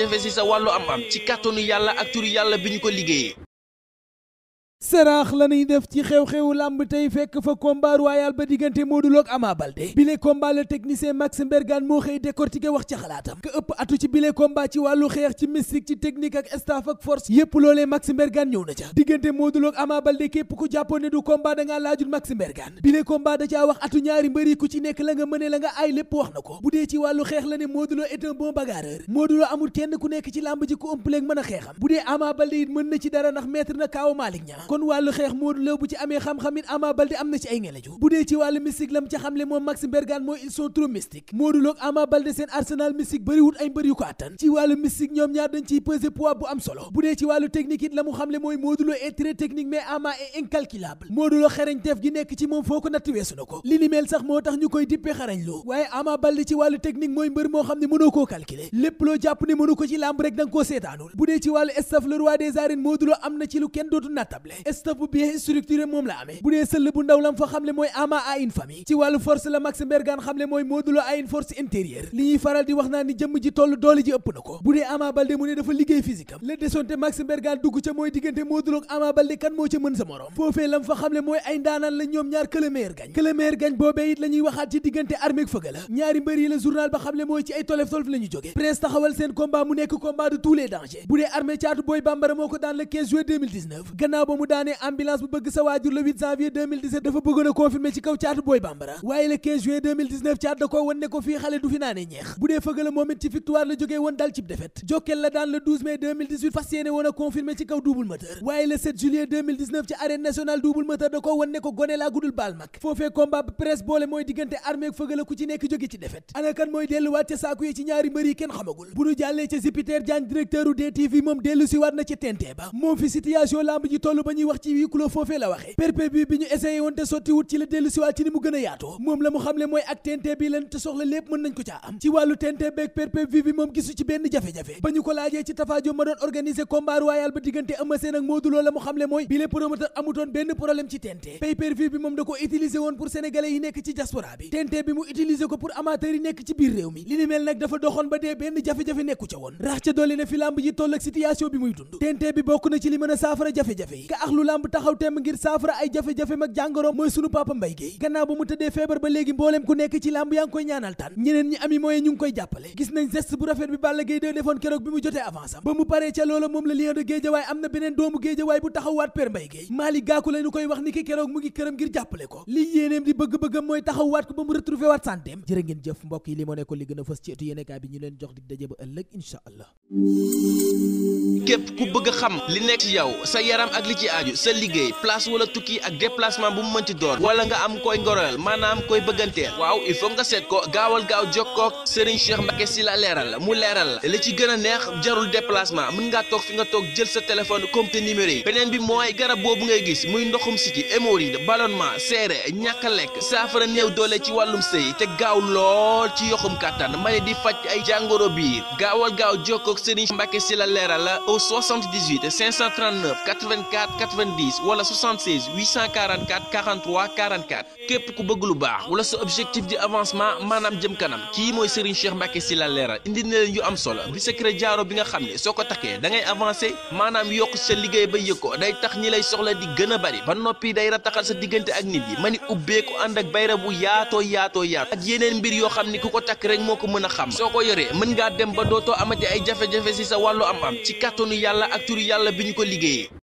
jafe-jafe si sa wàllu am am ci kàttanu yàlla ak turu yàlla bi ñu ko liggéeyee seraax la ñuy def ci xew-xewu làmb tey fekk fa combat royal ba diggante Modou Lo ak Ama Baldé bile combat le technicien Max Mbergane moo xëy décortiquer wax ca xalaatam ka ëpp atu ci bile combat ci wàllu xeex ci mystique ci technique ak staff ak force yépp loolee Max Mbergane ñëw na ca diggante Modou Lo ak Ama képp ku jàppoon ne du combat da ngaa laajul Max Mbergane bile combat da caa wax atu ñaari mbëri ku ci nekk la nga mëne la nga aay lépp wax na ko bu dee ci wàllu xeex la ne Modou Lo est un amul kenn ku nekk ci làmb ji ku ëmpleeg mën a xeexam bu dee Ama Baldé mën na ci dara ndax mettre na kaaw Malick kon wàllu xeex Modou Lo bu ci amee xam-xam it Ama Baldé am na ci ay ngelaju bu dee ci wàllu mystique lam ca xamle moom Max Bergan mooy ils sont trop mystique Modou Lo ak Ama Baldé seen arsenal mystique bëriwut ay mbër yu ko àttan ci wàllu mystique ñoom ñaar dañ ciy peser poids bu am solo bu ci wàllu technique it la mu xamle mooy moo Lo est très technique mais Ama est incalculable Modou Lo xereñteef gi nekk ci moom foo ko natt weesu na ko li ni moo tax ñu koy dippee xarañ loo waaye Ama Baldé ci ne mënoo koo calculer lépp loo jàpp ne mënu ko ci bu dee ci wàllu staff le roi des na ci staff bu bien moom la amee bu dee sëll bu ndaw lam fa xamle mooy ama à une ci wàllu force la Max Mbergane xamle mooy Modou Lo à intérieure li ñuy faral di wax naa ni jëmm ji toll doole ji ëpp na ko bu dee Ama Baldé mu ne dafa liggéey physique la desonte Max Mbergane dugg ca mooy diggante Modou Lo ak kan moo ca mën sa morom foofee lam fa xamle mooy ay ndaanaan la ñoom ñaar que le meilleur gagne que it la waxaat daanee ambulance bu bëgg sa waajur le 8 janvier dafa bëggoon a ci kaw caatu booy bambara waaye le 15 juin caat da koo ne ko fii xale du fi naanee ñeex bu dee fëgala moom it ci victoire la jógee woon dal cib defet jokkeel la daan le 12 fas yéene woon a ci kaw double moteur waaye le 7 juillet ci arène nationale double moteur da koo ne ko gone laa gudul baal mag foofee combat ba boole mooy diggante armée ak fëgala ku ñuy wax ci huis clos foofee la waxee perpétuité bi ñu essayé woon te sotti ci la dellu siwaat ci ni mu gën yaatoo moom la mu xamle mooy ak TNT bi leen te soxla lépp mën nañ ko caa am ci wàllu TNT beeg perpétuité bi moom gisu ci benn jafe-jafe ba ñu ko laajee ci tafaajo ma doon organiser combat royal ba diggante Eumeu Sène ak Modou Lo la mu xamle mooy bi promoteur amutoon benn problème ci TNT pay per bi moom da ko utiliser woon pour a tax lu lamb taxaw temm ngir saafara ay jafe-jafe mag jàngoro mooy sunu papa Mbaye Guèye gannaaw ba mu tëddee feebar ba léegi mbooleem ku nekk ci lamb yaa ngi koy ñaanal tan ñeneen ñi ami mooy ñu ngi koy jàppale gis nañ geste bu rafet bi Balla Gaye 2 defoon keroog bi mu jotee avance am ba mu paree ca loola moom la lion de am na beneen doomu Guédiawaye bu taxawaat Père Mbaye Guèye Malick Gakou la ñu koy wax ni keroog mu ngi këram ngir jàppale a fës ci etu yéenekaay bi li nekk yow sa yaram ak aju sa liggéey place wala tukki ak déplacement bu mu mënti doon wala nga am koy ngoroyal maanaam koy bëgganteel waaw il faut nga seet ko gaawal gaaw jokkoog Serigne Cheikh Mbacké si la leeral la mu leeral la li ci gën a neex jarul déplacement mën ngaa toog fi nga toog jël sa téléphone compte numéro yi beneen bi mooy garab boobu ngay gis muy ndoxum si ci hémorroïde seere ñàkk a lekk saafara néew doole ci wàllum sëy te gaaw lool ci yoxum kàttan ma di faj ay jàngoro biir gaaw jokkoog Serigne Cheikh Mbacké si la leeral la au 90 wala 76 844 43 44 képp ku bëgg lu baax wala sa objectif di avancement maanaam jëm kanam kii mooy Serigne Cheikh Mbacke si la leeral indi na leen yu am solo bi secret jaaro bi nga xam ne soo ko takkee dangay ngay avancé maanaam yokk sa liggéey ba yëg ko day tax ñi lay soxla di gën a ba noppi day rataxal sa diggante ak nit yi ma ni ubbee ko ànd ak bayra bu yaatoo yaatoo yaatoo ak yeneen mbir yoo xam ne ku ko takk rek moo ko mën a xam soo ko yoree mën ngaa dem ba dootoo amati ay jafe-jafe si sa wàllu am-am ci kàttanu yàlla ak yàlla bi ñu ko liggéeyee